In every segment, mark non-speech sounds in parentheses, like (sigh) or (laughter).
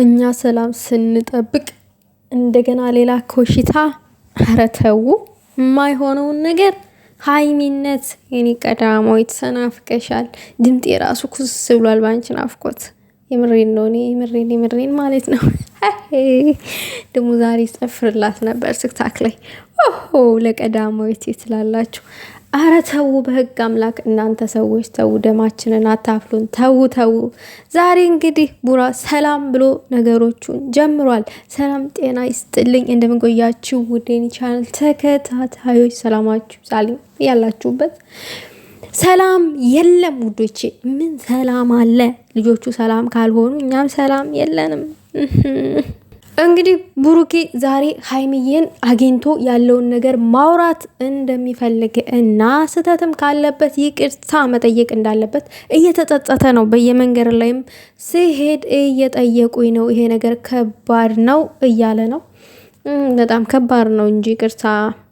እኛ ሰላም ስንጠብቅ እንደገና ሌላ ኮሽታ አረተው የማይሆነውን ነገር ሀይሚነት የኔ ቀዳማዊት ተናፍቀሻል። ድምጤ ራሱ ኩስ ብሏል በአንቺ ናፍቆት። የምሬን ነው እኔ የምሬን የምሬን ማለት ነው። (laughs) ደግሞ ዛሬ ጨፍርላት ነበር ስክታክ ላይ ኦሆ ለቀዳማዊት ትላላችሁ። አረ ተዉ፣ በህግ አምላክ እናንተ ሰዎች ተዉ፣ ደማችንን አታፍሉን፣ ተዉ ተዉ። ዛሬ እንግዲህ ቡራ ሰላም ብሎ ነገሮቹን ጀምሯል። ሰላም ጤና ይስጥልኝ፣ እንደምንቆያችሁ ውዴን ቻናል ተከታታዮች ሰላማችሁ ሳሊም ያላችሁበት ሰላም የለም ውዶቼ። ምን ሰላም አለ? ልጆቹ ሰላም ካልሆኑ እኛም ሰላም የለንም። እንግዲህ ብሩኬ ዛሬ ሀይሚዬን አግኝቶ ያለውን ነገር ማውራት እንደሚፈልግ እና ስህተትም ካለበት ይቅርታ መጠየቅ እንዳለበት እየተጸጸተ ነው። በየመንገድ ላይም ሲሄድ እየጠየቁኝ ነው፣ ይሄ ነገር ከባድ ነው እያለ ነው። በጣም ከባድ ነው እንጂ ይቅርታ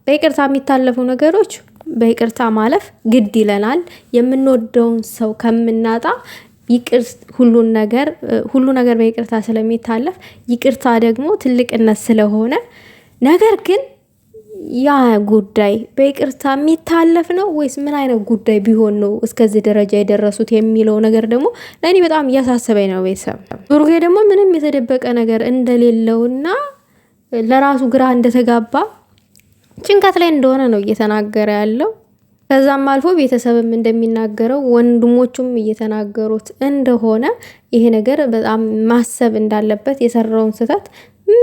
በይቅርታ የሚታለፉ ነገሮች በይቅርታ ማለፍ ግድ ይለናል። የምንወደውን ሰው ከምናጣ ይቅር ሁሉን ነገር ሁሉ ነገር በይቅርታ ስለሚታለፍ ይቅርታ ደግሞ ትልቅነት ስለሆነ ነገር ግን ያ ጉዳይ በይቅርታ የሚታለፍ ነው ወይስ ምን አይነት ጉዳይ ቢሆን ነው እስከዚህ ደረጃ የደረሱት የሚለው ነገር ደግሞ ለእኔ በጣም እያሳሰበኝ ነው። ቤተሰብ ዙርጌ ደግሞ ምንም የተደበቀ ነገር እንደሌለውና ለራሱ ግራ እንደተጋባ ጭንቀት ላይ እንደሆነ ነው እየተናገረ ያለው። ከዛም አልፎ ቤተሰብም እንደሚናገረው ወንድሞቹም እየተናገሩት እንደሆነ ይሄ ነገር በጣም ማሰብ እንዳለበት የሰራውን ስህተት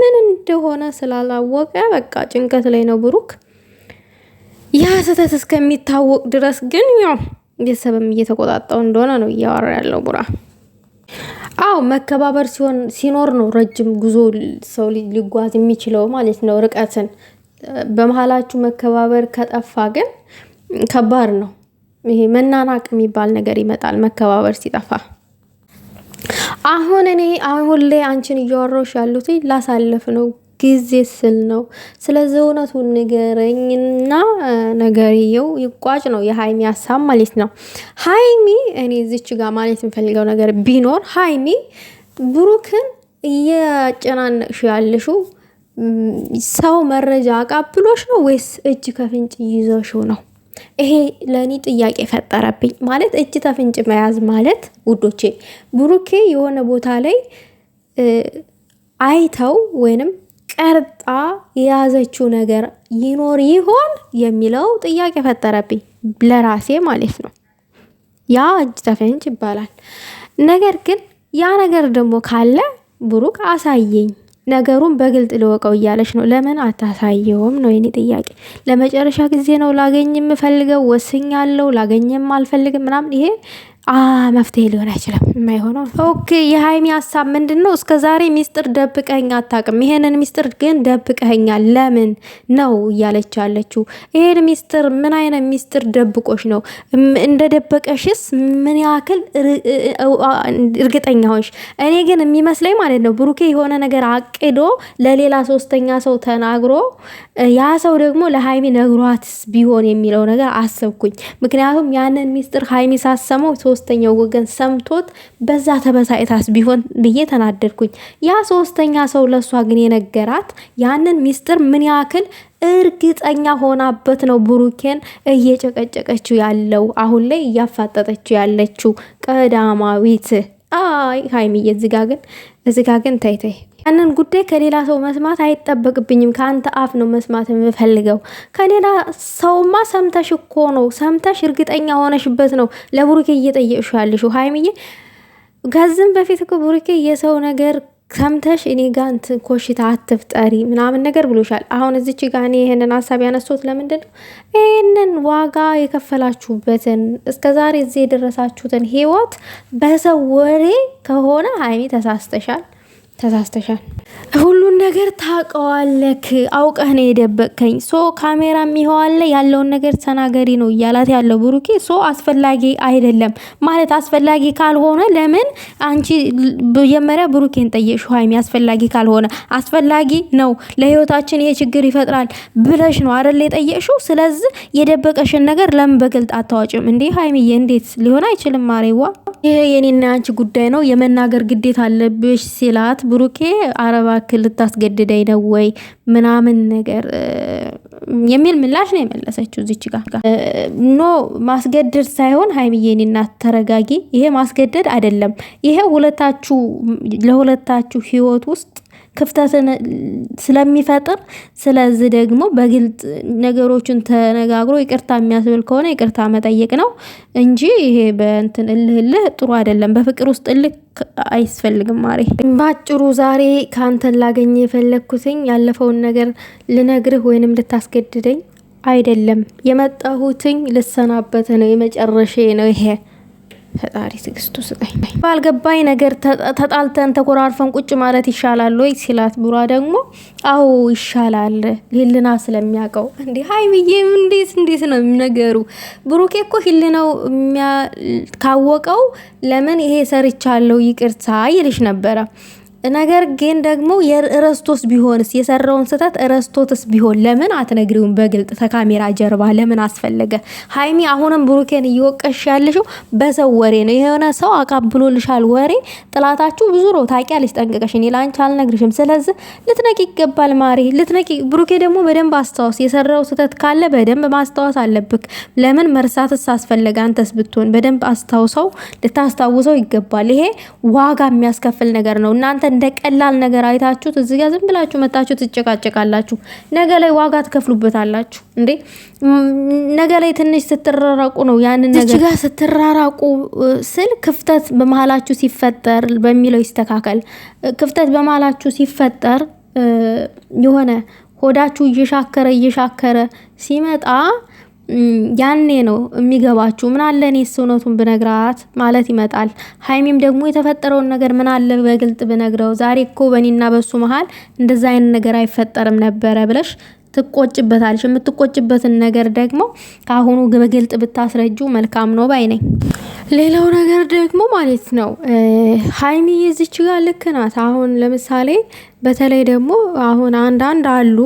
ምን እንደሆነ ስላላወቀ በቃ ጭንቀት ላይ ነው ብሩክ። ያ ስህተት እስከሚታወቅ ድረስ ግን ያው ቤተሰብም እየተቆጣጣው እንደሆነ ነው እያወራ ያለው ቡራ። አው መከባበር ሲሆን ሲኖር ነው ረጅም ጉዞ ሰው ሊጓዝ የሚችለው ማለት ነው ርቀትን። በመሀላችሁ መከባበር ከጠፋ ግን ከባድ ነው። ይሄ መናናቅ የሚባል ነገር ይመጣል መከባበር ሲጠፋ። አሁን እኔ አሁን ላይ አንቺን እያወራሁሽ ያሉት ላሳለፍ ነው ጊዜ ስል ነው። ስለዚህ እውነቱን ንገረኝና ነገርየው ይቋጭ ነው የሀይሚ ሀሳብ ማለት ነው። ሀይሚ እኔ እዚች ጋር ማለት የምፈልገው ነገር ቢኖር ሀይሚ ብሩክን እየጨናነቅሽ ያለሽው ሰው መረጃ አቃብሎሽ ነው ወይስ እጅ ከፍንጭ ይዘሽው ነው? ይሄ ለእኔ ጥያቄ ፈጠረብኝ። ማለት እጅ ተፍንጭ መያዝ ማለት ውዶቼ፣ ብሩኬ የሆነ ቦታ ላይ አይተው ወይንም ቀርጣ የያዘችው ነገር ይኖር ይሆን የሚለው ጥያቄ ፈጠረብኝ ለራሴ ማለት ነው። ያ እጅ ተፍንጭ ይባላል። ነገር ግን ያ ነገር ደግሞ ካለ ብሩክ አሳየኝ። ነገሩን በግልጥ ልወቀው እያለች ነው። ለምን አታሳየውም ነው የኔ ጥያቄ። ለመጨረሻ ጊዜ ነው ላገኝ የምፈልገው፣ ወስኛለው፣ ላገኝም አልፈልግም ምናምን ይሄ መፍትሄ ሊሆን አይችልም። የማይሆነው ኦኬ። የሀይሚ ሀሳብ ምንድን ነው? እስከ ዛሬ ሚስጥር ደብቀኸኝ አታውቅም፣ ይሄንን ሚስጥር ግን ደብቀኸኛል ለምን ነው እያለች ያለችው። ይሄን ሚስጥር ምን አይነት ሚስጥር ደብቆሽ ነው? እንደ ደበቀሽስ ምን ያክል እርግጠኛ ሆንሽ? እኔ ግን የሚመስለኝ ማለት ነው ብሩኬ የሆነ ነገር አቅዶ ለሌላ ሶስተኛ ሰው ተናግሮ ያ ሰው ደግሞ ለሀይሚ ነግሯትስ ቢሆን የሚለው ነገር አሰብኩኝ። ምክንያቱም ያንን ሚስጥር ሀይሚ ሳሰመው ሶስተኛው ወገን ሰምቶት በዛ ተበሳይታስ ቢሆን ብዬ ተናደድኩኝ። ያ ሶስተኛ ሰው ለእሷ ግን የነገራት ያንን ሚስጥር ምን ያክል እርግጠኛ ሆናበት ነው ብሩኬን እየጨቀጨቀችው ያለው አሁን ላይ እያፋጠጠችው ያለችው ቀዳማዊት አይ ሀይሚዬ፣ እዚጋ ግን እዚጋ ግን ተይ ተይ፣ ያንን ጉዳይ ከሌላ ሰው መስማት አይጠበቅብኝም። ከአንተ አፍ ነው መስማት የምፈልገው። ከሌላ ሰውማ ሰምተሽ እኮ ነው ሰምተሽ እርግጠኛ ሆነሽበት ነው ለቡሩኬ እየጠየቅሽ ያለሽው ሀይሚዬ። ከዚህም በፊት እኮ ቡሩኬ የሰው ነገር ሰምተሽ እኔ ጋ እንትን ኮሽታ አትፍጠሪ ምናምን ነገር ብሎሻል። አሁን እዚች ጋ እኔ ይህንን ሀሳብ ያነሱት ለምንድን ነው? ይህንን ዋጋ የከፈላችሁበትን እስከ ዛሬ እዚህ የደረሳችሁትን ህይወት በሰው ወሬ ከሆነ ሀይሚ ተሳስተሻል። ተሳስተሻል። ሁሉን ነገር ታውቀዋለክ፣ አውቀህ ነው የደበቅከኝ። ሶ ካሜራ የሚሆዋለ ያለውን ነገር ተናገሪ ነው እያላት ያለው ብሩኬ። ሶ አስፈላጊ አይደለም ማለት አስፈላጊ ካልሆነ ለምን አንቺ መጀመሪያ ብሩኬን ጠየቅሽው? ሀይሚ አስፈላጊ ካልሆነ አስፈላጊ ነው ለህይወታችን ይሄ ችግር ይፈጥራል ብለሽ ነው አደል የጠየቅሽው? ስለዚህ የደበቀሽን ነገር ለምን በግልጥ አታዋጭም እንዴ? ሀይሚዬ እንዴት ሊሆን አይችልም? ማሬዋ ይሄ የኔና አንቺ ጉዳይ ነው የመናገር ግዴታ አለብሽ ሲላት ብሩኬ አረባ ክል ልታስገድደኝ ነው ወይ ምናምን ነገር የሚል ምላሽ ነው የመለሰችው። እዚች ጋር ኖ ማስገደድ ሳይሆን ሀይሚዬን እናት ተረጋጊ፣ ይሄ ማስገደድ አይደለም። ይሄ ሁለታችሁ ለሁለታችሁ ህይወት ውስጥ ክፍተት ስለሚፈጥር ስለዚህ ደግሞ በግልጽ ነገሮችን ተነጋግሮ ይቅርታ የሚያስብል ከሆነ ይቅርታ መጠየቅ ነው እንጂ ይሄ በእንትን እልህ እልህ ጥሩ አይደለም። በፍቅር ውስጥ እልክ አይስፈልግም። ማሬ ባጭሩ ዛሬ ከአንተን ላገኘ የፈለግኩትኝ ያለፈውን ነገር ልነግርህ ወይንም ልታስገድደኝ አይደለም የመጣሁትኝ ልሰናበት ነው። የመጨረሻ ነው ይሄ። ፈጣሪ ትግስቱ ስጠኝ። ባልገባኝ ነገር ተጣልተን ተኮራርፈን ቁጭ ማለት ይሻላል ወይ ሲላት፣ ቡራ ደግሞ አዎ ይሻላል ህልና ስለሚያውቀው። እንዲ ሀይ ብዬ እንዴት እንዴት ነው ነገሩ? ብሩኬ እኮ ህልናው ካወቀው ለምን ይሄ ሰርቻለሁ ይቅርታ ይልሽ ነበረ ነገር ግን ደግሞ የረስቶስ ቢሆንስ የሰራውን ስህተት ረስቶትስ ቢሆን ለምን አትነግሪውም? በግልጥ ተካሜራ ጀርባ ለምን አስፈለገ? ሀይሚ አሁንም ብሩኬን እየወቀሽ ያለሽው በሰው ወሬ ነው። የሆነ ሰው አቃብሎልሻል ወሬ። ጥላታችሁ ብዙ ነው ታውቂያለሽ፣ ጠንቅቀሽ። እኔ ለአንቺ አልነግርሽም። ስለዚህ ልትነቂ ይገባል ማሪ፣ ልትነቂ። ብሩኬ ደግሞ በደንብ አስታወስ። የሰራው ስህተት ካለ በደንብ ማስታወስ አለብክ። ለምን መርሳትስ አስፈለገ? አንተስ ብትሆን በደንብ አስታውሰው፣ ልታስታውሰው ይገባል። ይሄ ዋጋ የሚያስከፍል ነገር ነው እናንተ እንደ ቀላል ነገር አይታችሁት እዚህ ጋር ዝም ብላችሁ መታችሁ ትጨቃጨቃላችሁ። ነገ ላይ ዋጋ ትከፍሉበታላችሁ። እንዴ ነገ ላይ ትንሽ ስትራራቁ ነው ያንን ነገር እዚህ ጋር ስትራራቁ ስል ክፍተት በመሀላችሁ ሲፈጠር በሚለው ይስተካከል። ክፍተት በመሀላችሁ ሲፈጠር የሆነ ሆዳችሁ እየሻከረ እየሻከረ ሲመጣ ያኔ ነው የሚገባችሁ። ምን አለ እኔስ እውነቱን ብነግራት ማለት ይመጣል። ሀይሚም ደግሞ የተፈጠረውን ነገር ምን አለ በግልጥ ብነግረው ዛሬ እኮ በእኔና በሱ መሀል እንደዛ አይነት ነገር አይፈጠርም ነበረ ብለሽ ትቆጭበታለሽ። የምትቆጭበትን ነገር ደግሞ ከአሁኑ በግልጥ ብታስረጁ መልካም ነው ባይ ነኝ። ሌላው ነገር ደግሞ ማለት ነው ሀይሚ የዚች ጋር ልክ ናት። አሁን ለምሳሌ በተለይ ደግሞ አሁን አንዳንድ አሉ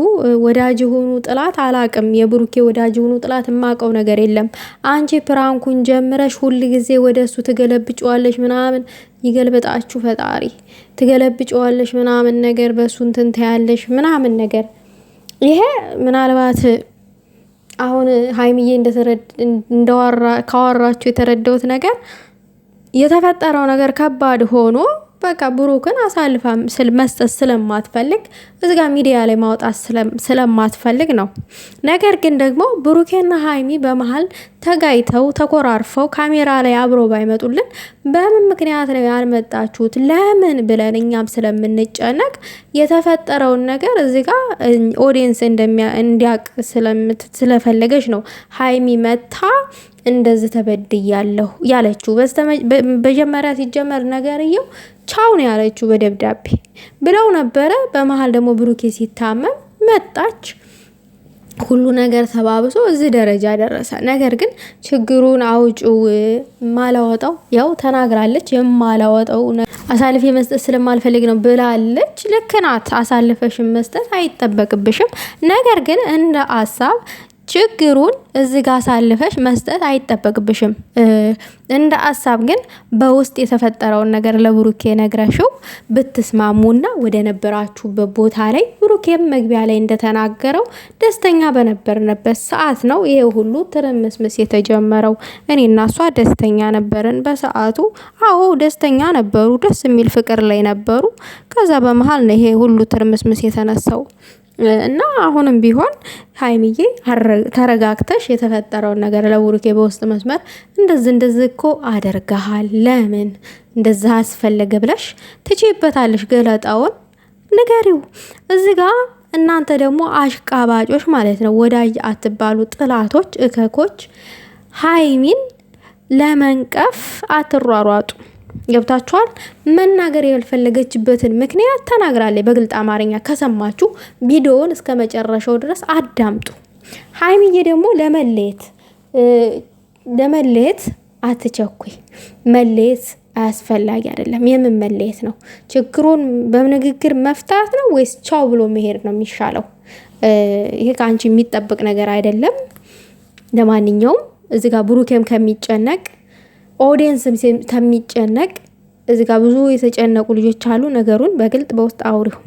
ወዳጅ የሆኑ ጥላት አላቅም። የብሩኬ ወዳጅ የሆኑ ጥላት የማቀው ነገር የለም። አንቺ ፕራንኩን ጀምረሽ ሁል ጊዜ ወደ እሱ ትገለብጨዋለሽ ምናምን ይገልበጣችሁ ፈጣሪ ትገለብጨዋለሽ ምናምን ነገር በእሱ እንትን ትያለሽ ምናምን ነገር ይሄ ምናልባት አሁን ሀይሚዬ እንደዋራ ካወራችሁ የተረዳሁት ነገር የተፈጠረው ነገር ከባድ ሆኖ በቃ ብሩክን አሳልፋ መስጠት ስለማትፈልግ እዚጋ ሚዲያ ላይ ማውጣት ስለማትፈልግ ነው። ነገር ግን ደግሞ ብሩኬና ሀይሚ በመሀል ተጋይተው ተኮራርፈው ካሜራ ላይ አብሮ ባይመጡልን በምን ምክንያት ነው ያልመጣችሁት ለምን ብለን እኛም ስለምንጨነቅ የተፈጠረውን ነገር እዚጋ ኦዲየንስ እንዲያቅ ስለፈለገች ነው ሀይሚ መታ እንደዚህ ተበድያለሁ ያለችው። በመጀመሪያ ሲጀመር ነገርየው ቻው ነው ያለችው በደብዳቤ ብለው ነበረ። በመሀል ደግሞ ብሩኬ ሲታመም መጣች። ሁሉ ነገር ተባብሶ እዚህ ደረጃ ደረሰ። ነገር ግን ችግሩን አውጪው ማላወጣው ያው ተናግራለች። የማላወጣው አሳልፌ መስጠት ስለማልፈልግ ነው ብላለች። ልክ ናት። አሳልፈሽን መስጠት አይጠበቅብሽም። ነገር ግን እንደ አሳብ ችግሩን እዚህ ጋር አሳልፈሽ መስጠት አይጠበቅብሽም። እንደ አሳብ ግን በውስጥ የተፈጠረውን ነገር ለብሩኬ ነግረሽው ብትስማሙና ወደ ነበራችሁበት ቦታ ላይ ብሩኬም መግቢያ ላይ እንደተናገረው ደስተኛ በነበርንበት ሰዓት ነው ይሄ ሁሉ ትርምስምስ የተጀመረው። እኔ እና እሷ ደስተኛ ነበርን በሰዓቱ። አዎ ደስተኛ ነበሩ፣ ደስ የሚል ፍቅር ላይ ነበሩ። ከዛ በመሀል ነው ይሄ ሁሉ ትርምስምስ የተነሳው። እና አሁንም ቢሆን ሀይሚዬ ተረጋግተሽ የተፈጠረውን ነገር ለቡሩኬ በውስጥ መስመር እንደዚህ እንደዚህ እኮ አደርግሃል ለምን እንደዚህ አስፈለገ ብለሽ ትችይበታለሽ። ገለጣውን ንገሪው እዚ ጋ እናንተ ደግሞ አሽቃባጮች ማለት ነው፣ ወዳጅ አትባሉ፣ ጥላቶች፣ እከኮች ሀይሚን ለመንቀፍ አትሯሯጡ። ገብታችኋል። መናገር ያልፈለገችበትን ምክንያት ተናግራለች በግልጽ አማርኛ። ከሰማችሁ ቪዲዮውን እስከ መጨረሻው ድረስ አዳምጡ። ሀይሚዬ ደግሞ ለመለየት ለመለየት አትቸኩይ። መለየት አያስፈላጊ አይደለም። የምን መለየት ነው? ችግሩን በንግግር መፍታት ነው ወይስ ቻው ብሎ መሄድ ነው የሚሻለው? ይሄ ከአንቺ የሚጠበቅ ነገር አይደለም። ለማንኛውም እዚጋ ጋር ብሩኬም ከሚጨነቅ ኦዲንስ ከሚጨነቅ እዚጋ ብዙ የተጨነቁ ልጆች አሉ። ነገሩን በግልጥ በውስጥ አውሪው።